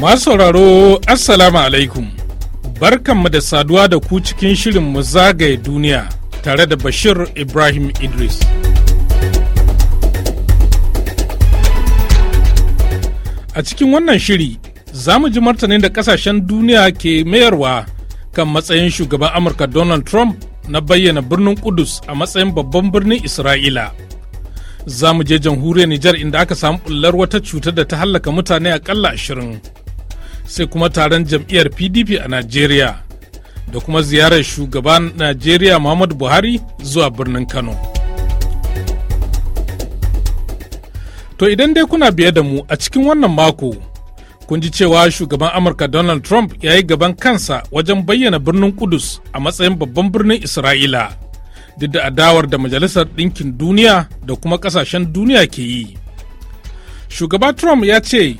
Masu sauraro Assalamu alaikum. Barkanmu da saduwa da ku cikin shirin mu zagaye duniya tare da Bashir Ibrahim Idris. A cikin wannan shiri za mu ji martanin da kasashen duniya ke mayarwa kan matsayin shugaban Amurka Donald Trump na bayyana birnin Kudus a matsayin babban birnin Isra'ila. Za mu je jamhuriyar Nijar inda aka samu bullar wata cutar da ta hallaka mutane akalla ashirin. sai kuma taron jam'iyyar pdp a najeriya da kuma ziyarar shugaban najeriya muhammadu buhari zuwa birnin kano to idan dai kuna biye da mu a cikin wannan mako kun ji cewa shugaban amurka donald trump ya yi gaban kansa wajen bayyana birnin kudus a matsayin babban birnin isra'ila duk da adawar da majalisar ɗinkin duniya da kuma ƙasashen duniya ke yi shugaba trump ya ce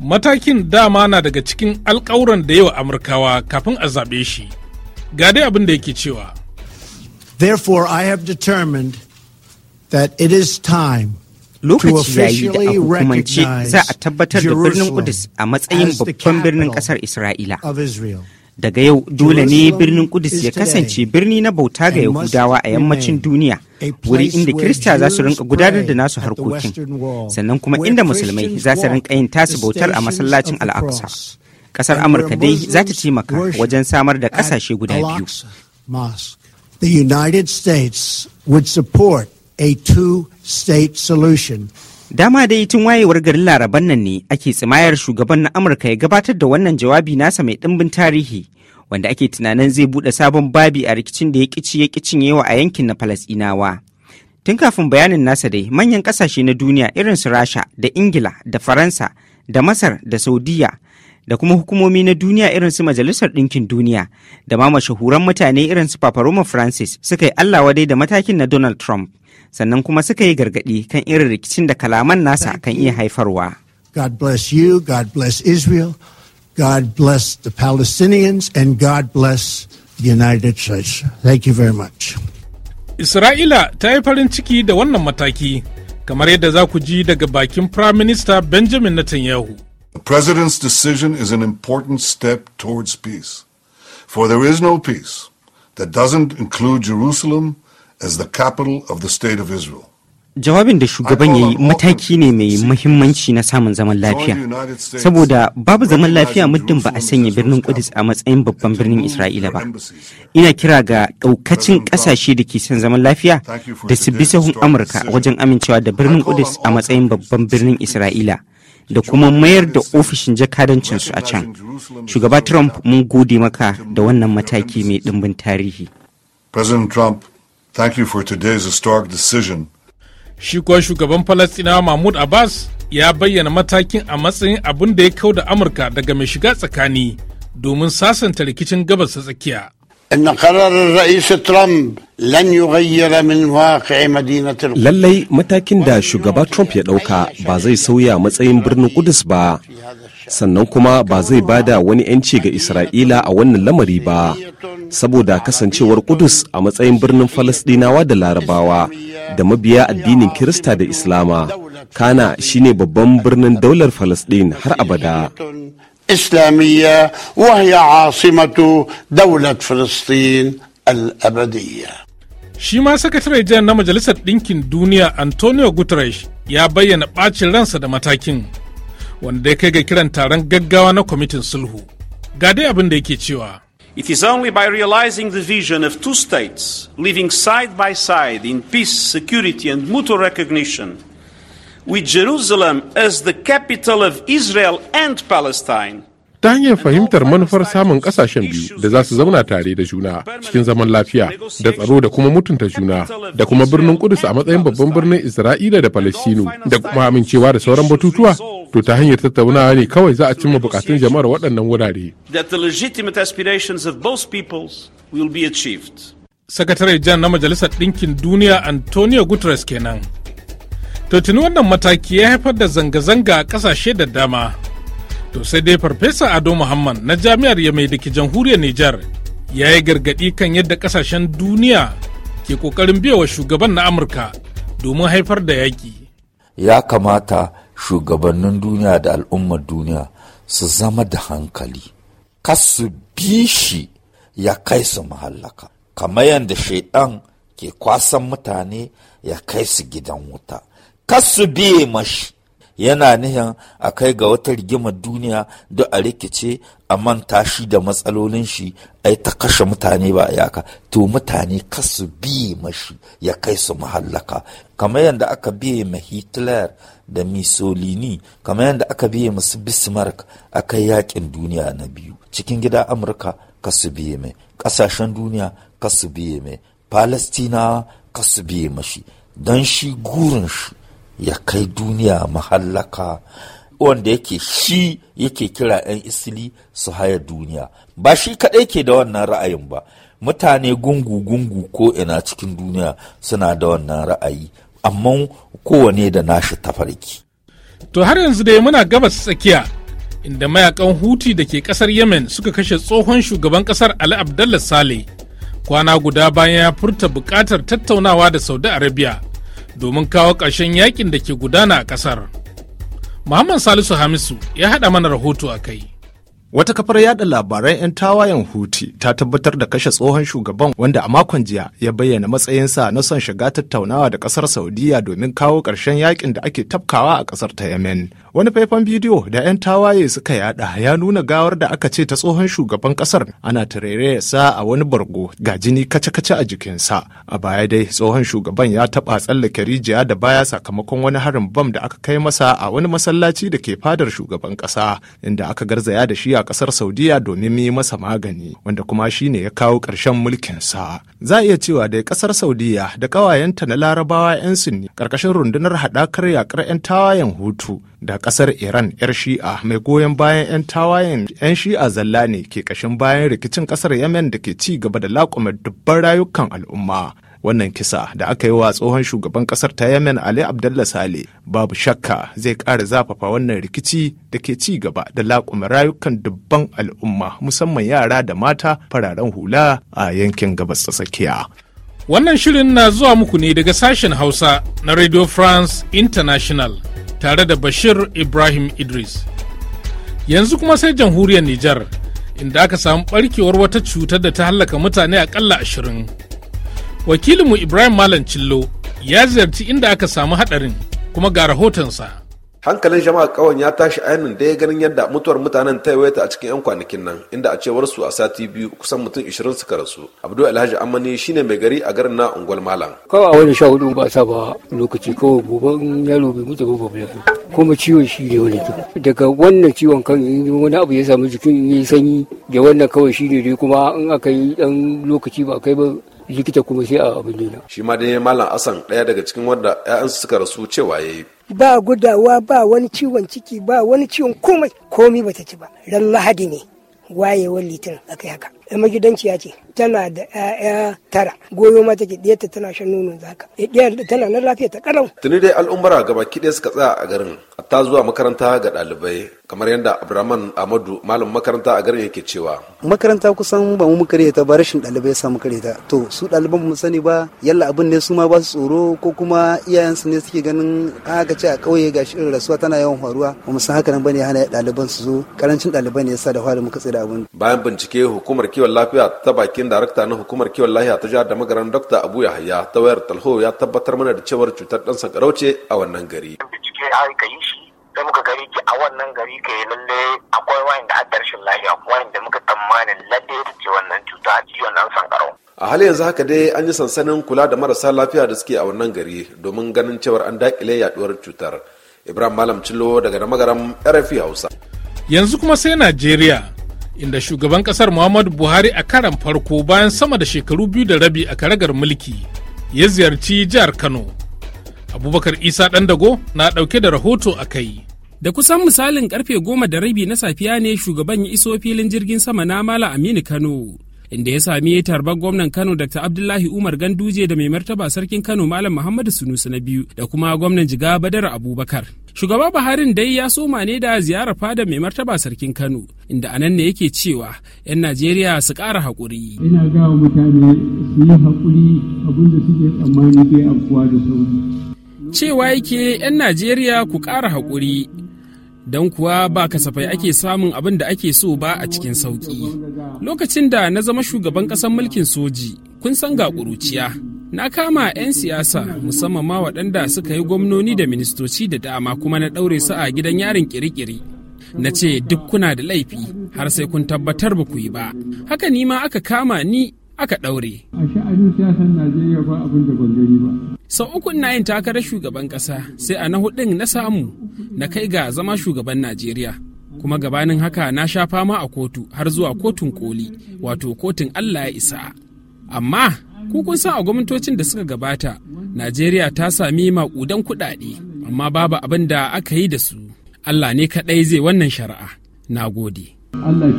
matakin dama na daga cikin alkawuran da yawa amurkawa kafin a zaɓe shi ga dai abin da yake cewa therefore i have determined that it is time lokaci yi da a hukumance za a tabbatar da birnin Kudus a matsayin babban birnin kasar Isra'ila. daga yau dole ne birnin kudus ya kasance birni na bauta ga yahudawa a yammacin duniya wuri inda kirista za su rinka gudanar da nasu harkokin sannan kuma inda musulmai za su rinka yin tasu bautar a masallacin al'aqsa Ƙasar amurka dai za ta taimaka wajen samar da ƙasashe guda biyu The United States would support a two-state solution Dama dai tun wayewar garin laraban nan ne ake tsimayar shugaban na Amurka ya gabatar da wannan jawabi nasa mai ɗimbin tarihi wanda ake tunanin zai buɗe sabon babi a rikicin da ya ƙici ya yawa a yankin na Falasɗinawa. Tun kafin bayanin nasa dai manyan ƙasashe na duniya irin su Rasha da Ingila da Faransa da Masar da Saudiya da kuma hukumomi na duniya irin su Majalisar Ɗinkin Duniya da ma mashahuran mutane irin su Papa Roma Francis suka yi Allah wadai da matakin na Donald Trump. sannan kuma suka yi gargaɗi kan irin rikicin da kalaman nasa kan iya haifarwa. God bless you, God bless Israel, God bless the Palestinians, and God bless the United States. Thank you very much. Isra'ila ta yi farin ciki da wannan mataki, kamar yadda za ku ji daga bakin Prime Minister Benjamin Netanyahu. The president's decision is an important step towards peace, for there is no peace that doesn't include Jerusalem as the capital of the state of Israel. Jawabin da shugaban ya yi mataki ne mai muhimmanci na samun zaman lafiya, saboda babu zaman lafiya muddin ba a sanya birnin Kudus a matsayin babban birnin Isra'ila ba. Ina kira ga ɗaukacin ƙasashe da ke son zaman lafiya da su bi sahun Amurka wajen amincewa da birnin Kudus a matsayin babban birnin Isra'ila. da kuma mayar da ofishin jakadancinsu a can. Shugaba Trump mun gode maka da wannan mataki mai ɗimbin tarihi. President Trump Thank you for today's historic decision. Shi kuwa shugaban Falasɗinawa Mahmud Abbas ya bayyana matakin a matsayin abin da ya kau da Amurka daga mai shiga tsakani domin sasanta rikicin gabas ta tsakiya. إن قرار الرئيس ترامب لن يغير Trump ya ɗauka ba zai sauya matsayin birnin Kudus ba sannan kuma ba zai bada wani 'yanci ga Isra'ila a wannan lamari ba saboda kasancewar Kudus a matsayin birnin Falasɗinawa da Larabawa da mabiya addinin Kirista da Islama. Kana shine babban birnin daular Falasɗin har abada. islamiyya وهي asimatu daular falasdin al'abadiyya shi ma sakatare jihar na majalisar ɗinkin duniya antonio guterres ya bayyana ɓacin ransa da matakin wanda ya kai ga kiran taron gaggawa na kwamitin sulhu ga dai abin da yake cewa It is only by realizing the vision of two states living side by side in peace, security, and mutual recognition, with Jerusalem as the capital of Israel and Palestine, ta hanyar fahimtar manufar samun kasashen biyu da za su zauna tare da juna cikin zaman lafiya da tsaro da kuma mutunta juna da kuma birnin kudus a matsayin babban birnin isra'ila da palestinu da kuma amincewa da sauran batutuwa to ta hanyar tattaunawa ne kawai za a cimma bukatun jama'ar waɗannan wurare sakatare jan na majalisar ɗinkin duniya antonio guterres kenan to tuni wannan mataki ya haifar da zanga-zanga a ƙasashe da dama To sai dai Farfesa Ado Muhammad na Jami'ar Yamai da ke jamhuriyar Nijar ya yi gargaɗi kan yadda ƙasashen duniya ke ƙoƙarin wa shugaban na Amurka domin haifar da yaƙi. Ya kamata shugabannin duniya da al'ummar duniya su zama da hankali, Kasu su bi shi ya kai su mahallaka, kamar yadda shaidan ke kwasan mutane ya kai su gidan wuta, Kasu su biye mashi. yana nihin a kai ga wata rigimar duniya do a rikice a manta shi da matsalolin shi ai ta kashe mutane ba yaka to mutane kasu biye mashi ya kai su mahallaka kamar yadda aka biye ma hitler da Mussolini kamar yadda aka biye masu bismarck a kai yakin duniya na biyu cikin gida amurka kasu biye mai kasashen duniya kasu biye mai palestina kasu biye mashi don shi gurin shi ya kai duniya mahallaka wanda yake shi yake kira 'yan isili su haya duniya ba shi kaɗai ke da wannan ra'ayin ba mutane gungu-gungu ko ina cikin duniya suna da wannan ra'ayi amma kowane da nashi tafarki to har yanzu dai muna gabas tsakiya inda mayakan huti da ke kasar yemen suka kashe tsohon shugaban kasar ali abdallah sale kwana guda bayan ya furta bukatar tattaunawa da saudi arabia domin kawo ƙarshen yakin da ke gudana a ƙasar. Muhammad Salisu Hamisu ya haɗa mana rahoto a kai. Wata kafar yada labaran 'yan tawayen Huti ta tabbatar da kashe tsohon shugaban wanda a makon jiya ya bayyana matsayinsa na son shiga tattaunawa da kasar Saudiya domin kawo karshen yakin da ake tafkawa a kasar ta Yemen. Wani faifan bidiyo da 'yan tawaye suka yada ya nuna gawar da aka ce ta tsohon shugaban kasar ana tarere sa a wani bargo ga jini kace-kace a jikinsa. A baya dai tsohon shugaban ya taɓa tsallake rijiya da baya sakamakon wani harin bam da aka kai masa a wani masallaci da ke fadar shugaban ƙasa inda aka garzaya da shi a kasar Saudiya domin yi masa magani wanda kuma shi ne ya kawo ƙarshen mulkinsa. Za a iya cewa da kasar Saudiya da ƙawayenta na larabawa 'yan sunni ƙarƙashin rundunar haɗakar yaƙar 'yan tawayen hutu da ƙasar Iran 'yar shi'a mai goyon bayan 'yan tawayen 'yan shi'a zalla ne ke ƙashin bayan rikicin ƙasar Yemen da ke ci gaba da laƙume dubban rayukan al'umma. wannan kisa da aka yi wa tsohon shugaban kasar ta yemen ali abdullah sale babu shakka zai ƙara zafafa wannan rikici da ke ci gaba da laƙuma rayukan dubban al'umma musamman yara da mata fararen hula a yankin gabas ta tsakiya wannan shirin na zuwa muku ne daga sashen hausa na radio france international tare da bashir ibrahim idris yanzu kuma sai jamhuriyar nijar inda aka samu barkewar wata cutar da ta hallaka mutane akalla ashirin wakilinmu ibrahim malam cillo ya ziyarci inda aka samu hadarin kuma ga rahotonsa hankalin jama'a kawan ya tashi ainihin da ya ganin yadda mutuwar mutanen ta yawaita a cikin 'yan kwanakin nan inda a cewar su a sati biyu kusan mutum 20 suka rasu abdul alhaji amani shine mai gari a garin na unguwar malam kawai a wani sha hudu ba sa ba lokaci kawai gobe yaro bai mutu ba ba kuma ciwon shi ne wani to daga wannan ciwon kan wani abu ya samu jikin ya sanyi da wannan kawai shi ne dai kuma in aka yi dan lokaci ba kai ba likita kuma shi a abin nan shi ma dai malam asan ɗaya daga cikin wanda ƴaƴansu suka rasu cewa ya yi. ba gudawa ba wani ciwon ciki ba wani ciwon komai komai bata ci ba ran lahadi ne wayewar litin kai haka magidanciya ce tana da 'ya'ya tara goyo ma take ɗiyarta tana shan nonon zaka eh, tana nan lafiya ta karau tuni dai al'ummara gaba ɗaya suka tsaya a garin ta zuwa makaranta ga ɗalibai kamar yadda abraman amadu malam makaranta a garin yake cewa makaranta kusan ba mu muka ta ba rashin ɗalibai sa muka ta to su ɗaliban mu sani ba yalla abin ne su ma ba su tsoro ko kuma iyayensu ne suke ganin ah, aka ce a ƙauye ga shi rasuwa tana yawan faruwa ba mu san haka nan bane hana ɗaliban su zo karancin ɗaliban ne yasa da fara muka tsira abin bayan bincike hukumar kiwon lafiya ta bakin darakta na hukumar kiwon lafiya ta jihar da magaran dokta abu yahaya ta wayar talho ya tabbatar mana da cewar cutar dan sankarau ce a wannan gari bincike ka yi shi sai muka gari ki a wannan gari yi lalle akwai wayan da lafiya wayan da muka tsammanin lalle ce wannan cuta ciwon dan sankarau a hali yanzu haka dai an yi sansanin kula da marasa lafiya da suke a wannan gari domin ganin cewar an dakile yaduwar cutar ibrahim malam cillo daga da magaram rfi hausa yanzu kuma sai najeriya inda shugaban kasar muhammadu buhari a karan farko bayan sama da shekaru biyu da rabi a karagar mulki ya ziyarci jihar kano abubakar isa dandago na ɗauke da rahoto a kai da kusan misalin karfe goma da rabi na safiya ne shugaban ya iso filin jirgin sama na mala aminu kano inda ya sami tarbar gwamnan kano dr abdullahi umar ganduje da mai martaba sarkin kano malam muhammadu sunusu na biyu da kuma gwamnan jiga badar abubakar Shugaba Buharin dai ya soma ne da ziyarar fada mai martaba sarkin Kano, inda anan ne yake cewa 'yan Najeriya su ƙara haƙuri. Ina gawa mutane su yi haƙuri da suke tsammani bai afuwa da sauri. Cewa yake 'yan Najeriya ku ƙara haƙuri, don kuwa ba kasafai ake samun abin da ake so ba a cikin sauƙi. Lokacin da na zama shugaban ƙasar mulkin soji, kun san ga ƙuruciya. na kama 'yan siyasa musamman ma waɗanda suka yi gwamnoni da ministoci da dama kuma na ɗaure su a gidan yarin kirikiri na ce duk kuna da laifi har sai kun tabbatar ba ku yi ba haka nima aka kama ni aka ɗaure sau ukun na yin takarar shugaban ƙasa sai a na huɗun na samu na kai ga zama shugaban najeriya kuma gabanin haka na sha fama a kotu har zuwa kotun koli wato kotun allah ya isa amma kun san a gwamnatocin da suka gabata najeriya ta sami maƙudan kuɗaɗe amma babu abin da aka yi da su allah ne kaɗai zai wannan shari'a Nagode. gode allah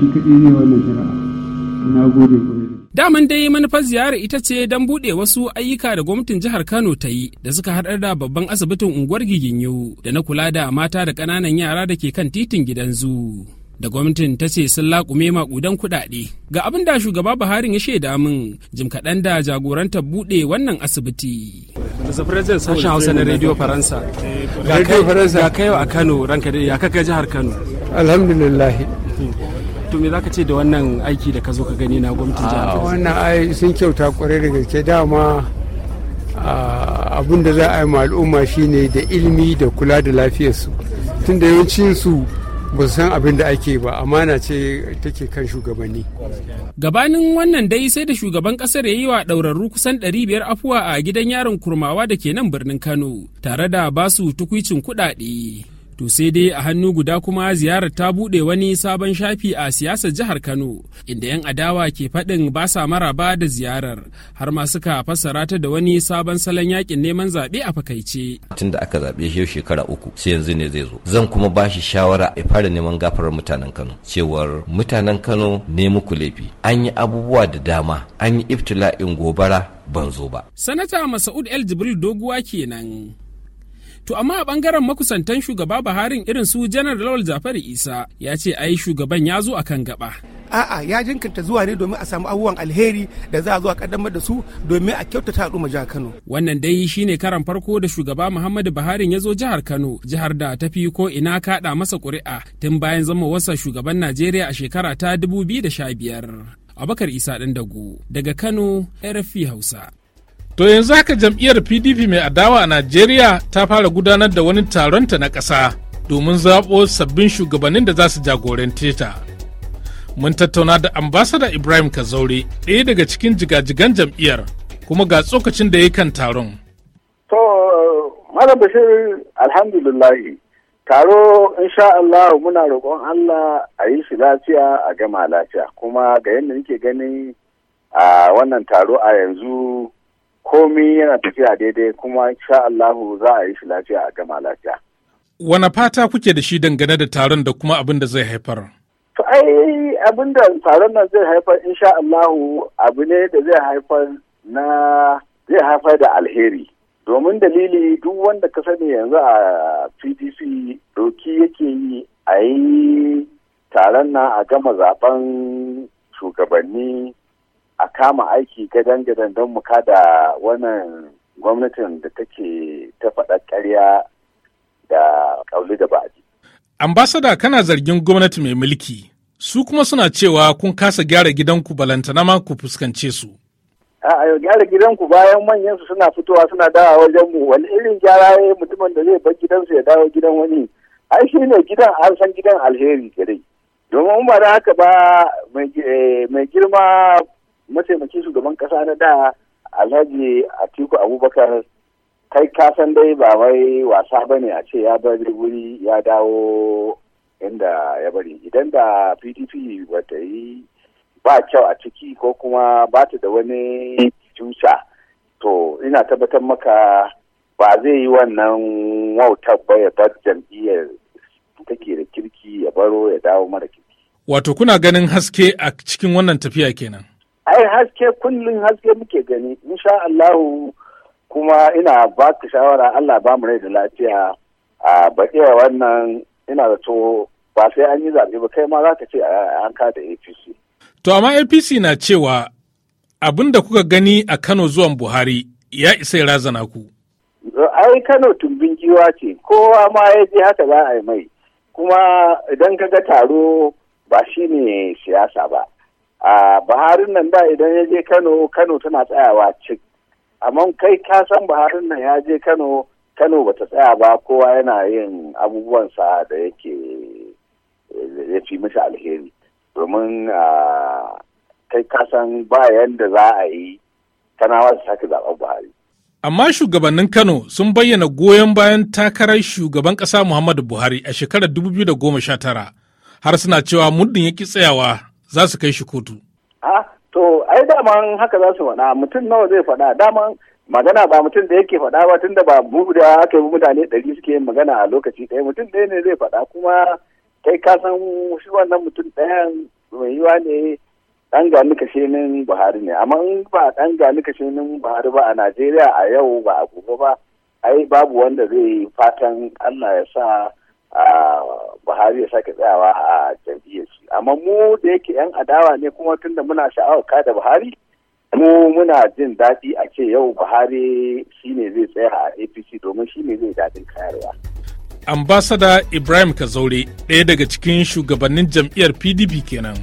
Daman dai manufar ziyarar ita ce don buɗe wasu ayyuka da gwamnatin jihar Kano ta yi da suka haɗar da babban asibitin unguwar Giginyo da na kula da mata da ƙananan yara da ke kan titin gidan zoo. da gwamnatin ta ce sun laƙume maƙudan kuɗaɗe. Ga abin da shugaba Buhari ya shaida min jim kaɗan da jagorantar buɗe wannan asibiti. Mr. President sashen Hausa na Radio Faransa. Eh, Radio Faransa. Ga kai a Kano ranka da ya kaka jihar Kano. Alhamdulillah. to me zaka ce da wannan aiki da ka zo ka gani na gwamnatin jihar ah, wannan ai sun kyauta kwarai da gaske dama ah, abin da za a yi ma al'umma shine da ilimi da kula da lafiyarsu da yawancin su ba san abin da ake ba amana ce take kan shugabanni. Gabanin wannan dai sai da shugaban kasar ya yi wa ɗaurarru kusan 500 afuwa a gidan yaron kurmawa da ke nan birnin Kano tare da basu tukwicin kuɗaɗe. To sai dai a hannu guda kuma ziyarar ta buɗe wani sabon shafi a siyasar jihar Kano inda 'yan adawa ke faɗin ba sa maraba da ziyarar har ma suka fassara ta da wani sabon salon yakin neman zaɓe a fakaice. Tun da aka zaɓe shi shekara uku sai yanzu ne zai zo. Zan kuma ba shi shawara a fara neman gafarar mutanen Kano cewar mutanen Kano ne muku laifi. An yi abubuwa da dama an yi iftila'in gobara ban zo ba. Sanata Masa'ud El Jibril Doguwa kenan. To amma a bangaren makusantan shugaba Buharin irin su janar Lawal Jafar Isa ya ce ai shugaban ya zo akan gaba. A'a ya jinkirta zuwa ne domin a samu abubuwan alheri da za a zo a kaddamar da su domin a kyautata al'umma jihar Kano. Wannan dai shine karan farko da shugaba Muhammadu Buhari ya zo jihar Kano, jihar da ta fi ko ina kaɗa masa ƙuri'a tun bayan zama wasa shugaban Najeriya a shekara ta 2015. Abakar Isa Dago, daga Kano, RFI Hausa. To yanzu haka jam'iyyar PDP mai adawa a Najeriya ta fara gudanar da wani taronta na ƙasa domin zaɓo sabbin shugabannin da za su jagorance ta. Mun tattauna da ambasada Ibrahim Kazaure ɗaya daga cikin jigajigan jam'iyyar kuma ga tsokacin da ya kan taron. To, Malam Bashir alhamdulillahi taro insha Allah muna roƙon Allah a yi shi lafiya a gama lafiya kuma ga yadda nake gani a wannan taro a yanzu komi yana tafiya daidai kuma sha Allahu za a yi shi lafiya a gama lafiya. Wane fata kuke da shi dangane da taron da kuma abin da zai haifar? To ai abin da taron nan zai haifar insha Allahu abu ne da zai haifar na zai haifar da alheri. Domin dalili duk wanda ka sani yanzu a PDP doki yake yi a yi taron nan a gama zaben shugabanni a kama aiki gadan gadan don mu da wannan gwamnatin da take ta faɗa ƙarya da ƙauli da ba'adi. Ambasada kana zargin gwamnati mai mulki su kuma suna cewa kun kasa gyara gidanku balantana ma ku fuskance su. a gyara gidanku bayan manyan su suna fitowa suna dawa wajen mu wani irin gyara ya mutumin da zai bar gidansu ya dawo gidan wani ai shi ne gidan an san gidan alheri kadai domin ba da haka ba mai eh, girma mataimakin shugaban kasa na da alhaji atiku abubakar kai kasan dai ba wai wasa ba ne a ce ya bari wuri ya dawo inda ya bari idan da pdp ba ta yi ba kyau a ciki ko kuma ba ta da wani jusa to ina tabbatar maka ba zai yi wannan wautar ba ya bar jam'iyyar take da kirki ya baro ya dawo mara kirki wato kuna ganin haske a cikin wannan tafiya kenan ai haske kullum haske muke gani insha Allahu kuma ina ba ka shawara Allah ba mu rai da lafiya a baƙewa wannan ina da to ba sai an yi zaɓe ba kai ma za ka ce an da APC. To amma APC na cewa abin da kuka gani a Kano zuwan Buhari ya isa ya razana ku. Ai Kano tumbin giwa ce kowa ma ya je haka za a yi mai kuma idan ka ga taro ba shi ne siyasa ba a baharin nan da idan ya je kano kano tana tsayawa cik amma kai ka san baharin nan ya je kano kano bata tsaya ba kowa yana yin abubuwansa da yake ya fi mishi alheri domin kai ka san ba yadda za a yi kanawa su sake zaɓar buhari amma shugabannin kano sun bayyana goyon bayan takarar shugaban ƙasa muhammadu buhari a shekarar 2019 har suna cewa muddin ya ki tsayawa za su kai shi kotu. A to ai daman haka za su faɗa mutum nawa zai faɗa daman magana ba mutum da yake faɗa ba tunda ba buɗe da aka yi mutane ɗari suke yin magana a lokaci ɗaya mutum ɗaya ne zai faɗa kuma kai ka san shi wannan mutum ɗayan mai yiwa ne ɗan gani kashenin Buhari ne amma in ba ɗan gani kashenin Buhari ba a Najeriya a yau ba a gobe ba ai babu wanda zai fatan Allah ya sa Buhari ya sake tsayawa a jam'iyyar shi amma mu da yake yan adawa ne kuma tunda muna sha'awar kada Buhari mu muna jin daɗi a ce yau Buhari shine zai tsaya a APC domin shi ne zai daɗin kayarwa. Ambasada Ibrahim Kazaure ɗaya daga cikin shugabannin jam'iyyar PDP kenan.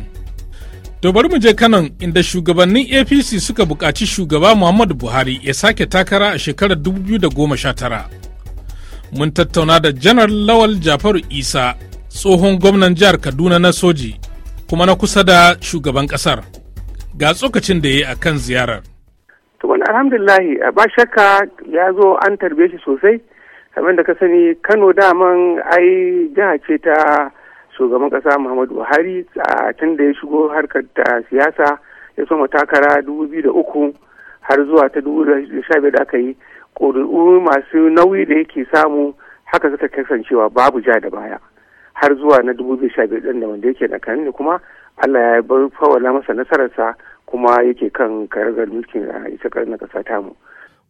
To bari mu je kanan inda shugabannin APC suka buƙaci shugaba Muhammadu Buhari ya sake takara a shekarar dubu da goma sha tara. mun tattauna da janar lawal jafaru isa tsohon gwamnan jihar kaduna na soji kuma na kusa da shugaban kasar ga tsokacin da ya yi a kan ziyarar to wani alhamdulillahi ba shakka ya zo an tarbe shi sosai kamar da ka sani kano daman ai jiha ce ta shugaban kasa muhammadu buhari a tun da ya shigo harkar ta siyasa ya soma takara uku har zuwa ta 2015 da aka yi ƙuri'u masu nauyi da yake samu haka suka kasancewa babu ja da baya har zuwa na 2015 ɗin da wanda yake na kanin kuma Allah ya bar fawala masa nasararsa kuma yake kan karagar mulkin a karni na ƙasa tamu.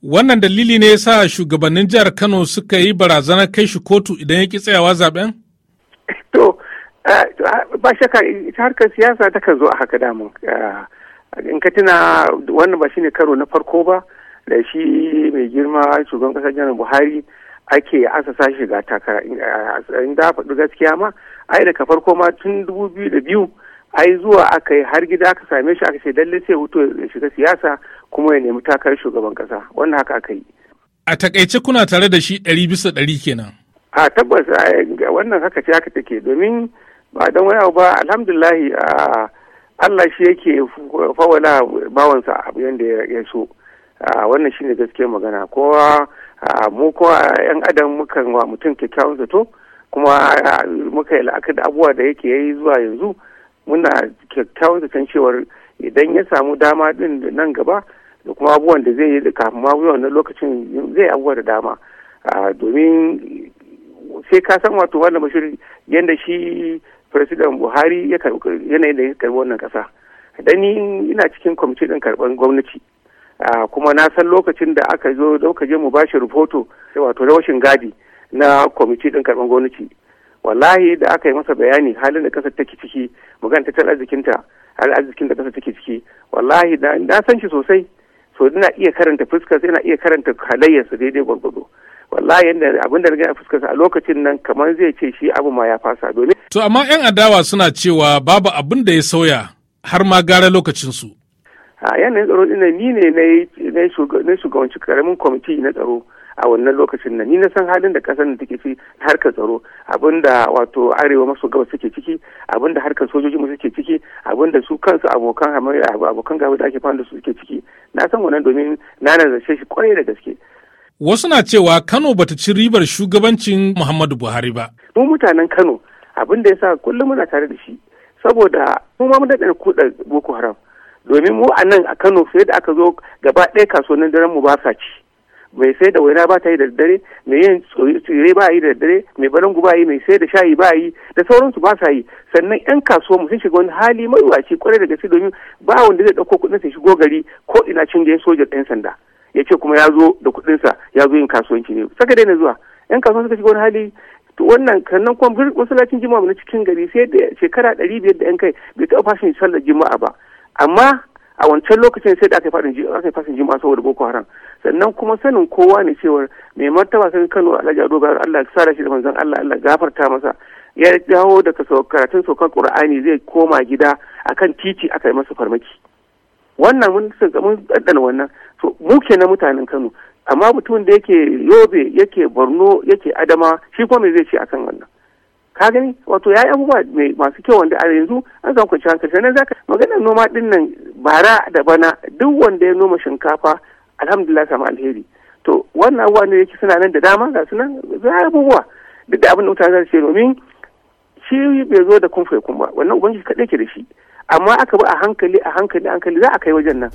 Wannan dalili ne yasa shugabannin jihar Kano suka yi barazanar kai shi kotu idan ya ki tsayawa zaben? To, ba shakka ita harkar siyasa takan zo a haka damun. In ka tuna wannan ba shi ne karo na farko ba, da shi mai girma shugaban kasar janar buhari ake asasa shi ga takara in da faɗi gaskiya ma ai daga farko ma tun dubu biyu da biyu ai zuwa aka yi har gida aka same shi aka ce dalle sai hutu ya shiga siyasa kuma ya nemi takarar shugaban kasa wannan haka aka yi a takaice kuna tare da shi ɗari bisa ɗari kenan a tabbas wannan haka ce haka take domin ba dan wani abu ba alhamdulahi Allah shi yake fawala bawansa abu yadda ya so wannan shine gaskiyar magana kowa mu kowa yan adam mukan wa mutum kyakkyawan zato kuma muka yi la'akar da abubuwa da yake yayi zuwa yanzu muna kyakkyawan zaton cewar idan ya samu dama din nan gaba da kuma abubuwan da zai yi kafin ma wannan lokacin zai abubuwa da dama domin sai ka san wato wannan bashir yadda shi president buhari ya karbi yanayin da ya karbi wannan kasa dani ni ina cikin kwamitin din karban gwamnati Ah, kuma na san lokacin da aka zo dauka je mu bashi rufoto sai wato rawashin gadi na kwamiti din karban gwamnati wallahi da aka yi masa bayani halin da kasar take ciki ganta tattalin arzikinta har arzikin da kasar take ciki wallahi na san shi sosai so ina iya karanta fuskar ina iya karanta halayyarsa daidai gwargwado wallahi yadda abin da a fuskarsa a lokacin nan kamar zai ce shi abu ma ya fasa domin. to amma yan adawa suna cewa babu abin da ya sauya har ma gara lokacin su a yanayin tsaro ina ni ne na yi shugabanci karamin kwamiti na tsaro a wannan lokacin nan ni na san halin da kasar da take ci harkar tsaro abinda wato arewa maso gabas suke ciki abinda harkar sojojin suke ciki abinda su kansu abokan abokan gaba da ake fanda su suke ciki na san wannan domin na nazarce shi kwarai da gaske wasu na cewa Kano bata ci ribar shugabancin Muhammadu Buhari ba mu mutanen Kano abin da ya sa kullum muna tare da shi saboda mu ma mun daɗa kuɗa Boko Haram domin mu a nan a kano sai da aka zo gaba ɗaya kasuwannin daren mu ba sa ci mai sai da waina ba ta yi da dare mai yin tsire ba yi da dare mai barangu ba yi mai sai da shayi ba yi da sauransu ba sa yi sannan yan kasuwa sun shiga wani hali wace kwarai da gaske domin ba wanda zai ɗauko kuɗin sa shigo gari ko ina cin da ya soja ɗan sanda ya ce kuma ya zo da kuɗin sa ya zo yin kasuwanci ne saka daina zuwa yan kasuwa suka shiga wani hali to wannan sannan kuma masallacin jima'a na cikin gari sai da shekara ɗari biyar da yan kai bai taɓa fashin sallar jima'a ba amma a wancan lokacin sai da aka yi fasin jima'a saboda boko haram sannan kuma sanin kowa ne cewar mai martaba sun kano alhaji ado bayar allah sa da shi da manzon allah allah gafarta masa ya dawo daga karatun saukar qur'ani zai koma gida akan titi aka yi masa farmaki wannan mun mun ɗanɗana wannan to mu kenan mutanen kano amma mutumin da yake yobe yake borno yake adama shi kuma me zai ce akan wannan ka gani wato yi abubuwa masu kyau wanda a yanzu an samu kwanci hankali sannan zaka maganar noma din nan bara da bana duk wanda ya noma shinkafa alhamdulillah samu alheri to wannan abubuwa ne yake suna nan da dama ga su nan zai abubuwa duk da abin da mutane za su ce domin shi bai zo da kumfa kuma wannan ubangiji kaɗai ke da shi amma aka bi a hankali a hankali a hankali za a kai wajen nan.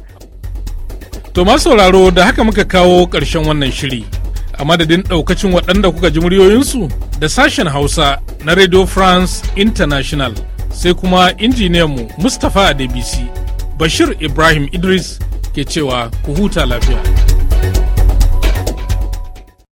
to masu sauraro da haka muka kawo ƙarshen wannan shiri a madadin ɗaukacin waɗanda kuka ji muryoyinsu da sashen hausa na radio france international sai kuma injiniyanmu mustapha adebisi bashir ibrahim idris ke cewa ku huta lafiya.